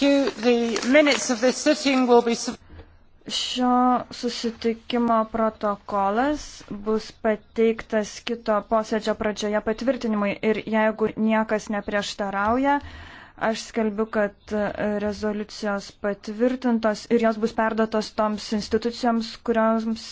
Be... Šio susitikimo protokolas bus pateiktas kito posėdžio pradžioje patvirtinimui ir jeigu niekas neprieštarauja, aš skelbiu, kad rezoliucijos patvirtintos ir jos bus perdotos toms institucijoms, kurioms